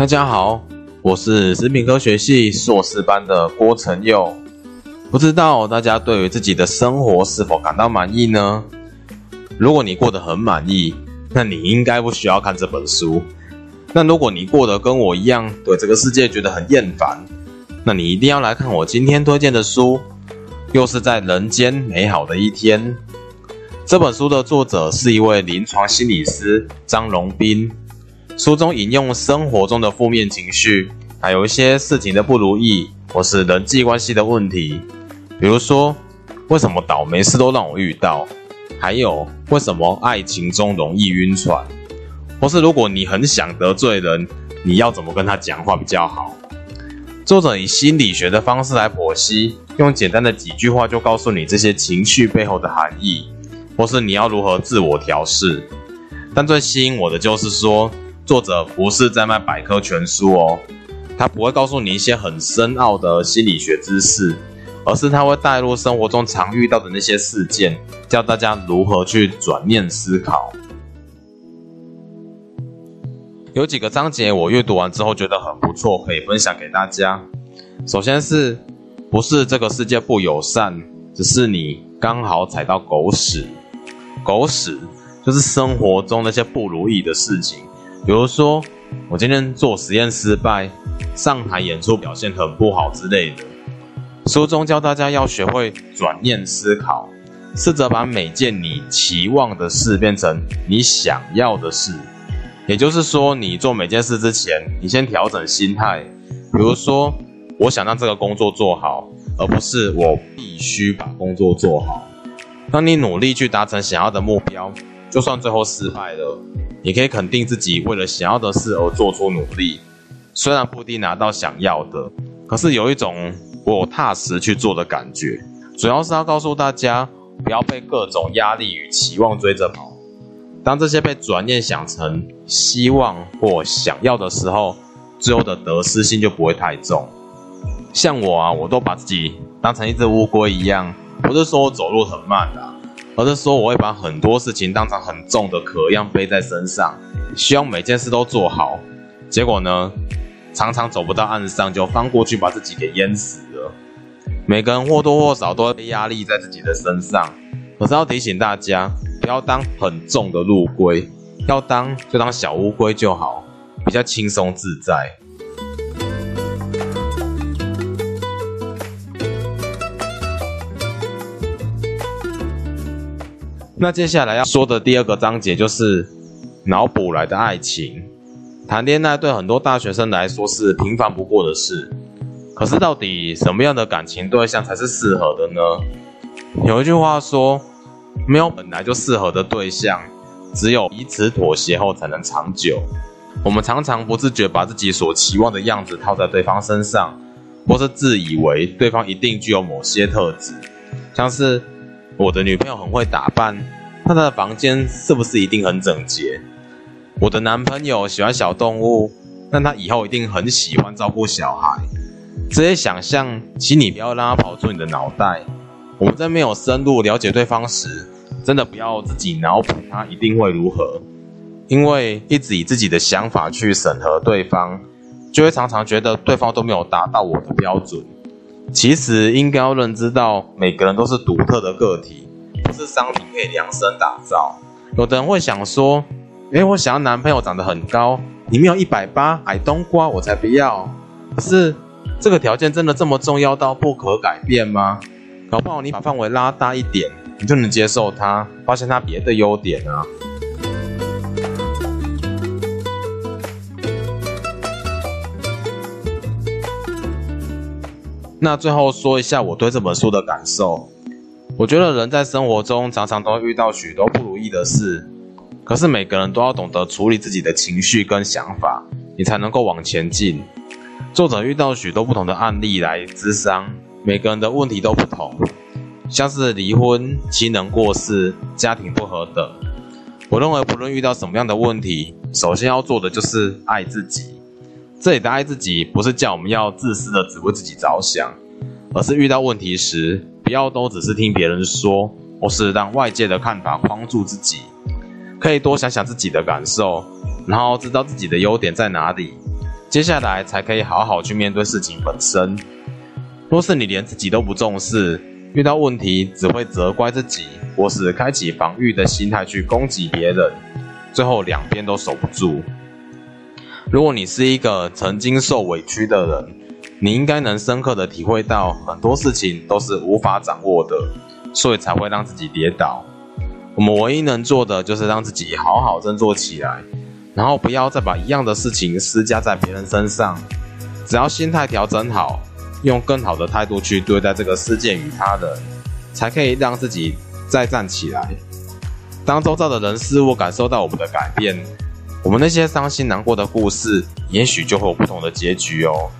大家好，我是食品科學系碩士班的郭宸佑。不知道大家對於自己的生活是否感到滿意呢？如果你過得很滿意，那你應該不需要看這本書。那如果你過得跟我一樣，對這個世界覺得很厭煩，那你一定要來看我今天推薦的書，又是在人間美好的一天。這本書的作者是一位臨床心理師張榮斌。書中引用生活中的負面情緒，還有一些事情的不如意，或是人際關係的問題。比如說，為什麼倒霉事都讓我遇到？還有，為什麼愛情中容易暈船？或是如果你很想得罪人，你要怎麼跟他講話比較好？作者以心理學的方式來剖析，用簡單的幾句話就告訴你這些情緒背後的含義，或是你要如何自我調適。但最吸引我的就是說。作者不是在賣百科全書哦，他不會告訴你一些很深奧的心理學知識，而是他會帶入生活中常遇到的那些事件，教大家如何去轉念思考。有幾個章節我閱讀完之後覺得很不錯，可以分享給大家。首先是，不是這個世界不友善，只是你剛好踩到狗屎。狗屎就是生活中那些不如意的事情。比如說，我今天做實驗失敗，上台演出表現很不好之類的。書中教大家要學會轉念思考，試着把每件你期望的事變成你想要的事。也就是說，你做每件事之前，你先調整心態。比如說，我想讓這個工作做好，而不是我必須把工作做好。當你努力去達成想要的目標，就算最後失敗了，也可以肯定自己為了想要的事而做出努力。雖然不一定拿到想要的，可是有一種我有踏實去做的感覺。主要是要告訴大家，不要被各種壓力與期望追着跑。當這些被轉念想成希望或想要的時候，最後的得失心就不會太重。像我啊，我都把自己當成一隻烏龜一樣，不是說我走路很慢啦，啊。而是說，我會把很多事情當成很重的殼一樣背在身上，希望每件事都做好。結果呢，常常走不到岸上，就翻過去把自己給淹死了。每個人或多或少都會被壓力在自己的身上，可是要提醒大家，不要當很重的陸龜，要當就當小烏龜就好，比較輕鬆自在。那接下來要說的第二個章節就是腦補來的愛情。談戀愛對很多大學生來說是平凡不過的事，可是到底什麼樣的感情對象才是適合的呢？有一句話說，沒有本來就適合的對象，只有彼此妥協後才能長久。我們常常不自覺把自己所期望的樣子套在對方身上，或是自以為對方一定具有某些特質，像是……我的女朋友很會打扮，那她的房間是不是一定很整潔？我的男朋友喜歡小動物，那她以後一定很喜歡照顧小孩。這些想象，請你不要讓她跑出你的腦袋。我們在沒有深入了解對方時，真的不要自己腦補她一定會如何，因為一直以自己的想法去審核對方，就會常常覺得對方都沒有達到我的標準。其實應該要認知到，每個人都是獨特的個體，不是商品可以量身打造。有的人會想說，誒，我想要男朋友長得很高，你沒有一百八，矮冬瓜，我才不要。可是，這個條件真的這麼重要到不可改變嗎？搞不好，你把範圍拉大一點，你就能接受他，發現他別的優點啊。那最後說一下我對這本書的感受，我覺得人在生活中常常都遇到許多不如意的事，可是每個人都要懂得處理自己的情緒跟想法，你才能夠往前進。作者遇到許多不同的案例來諮商，每個人的問題都不同，像是離婚、親人過世、家庭不和等。我認為不論遇到什麼樣的問題，首先要做的就是愛自己。這裡的愛自己，不是叫我們要自私的只為自己着想，而是遇到問題時，不要都只是聽別人說，或是讓外界的看法框住自己，可以多想想自己的感受，然後知道自己的優點在哪裡，接下來才可以好好去面對事情本身。若是你連自己都不重視，遇到問題只會責怪自己，或是開啟防禦的心態去攻擊別人，最後兩邊都守不住。如果你是一個曾經受委屈的人，你應該能深刻的體會到很多事情都是無法掌握的，所以才會讓自己跌倒。我們唯一能做的就是讓自己好好振作起來，然後不要再把一樣的事情施加在別人身上。只要心態調整好，用更好的態度去對待這個世界與他人，才可以讓自己再站起來。當周遭的人事物感受到我們的改變，我們那些傷心難過的故事，也許就會有不同的結局哦。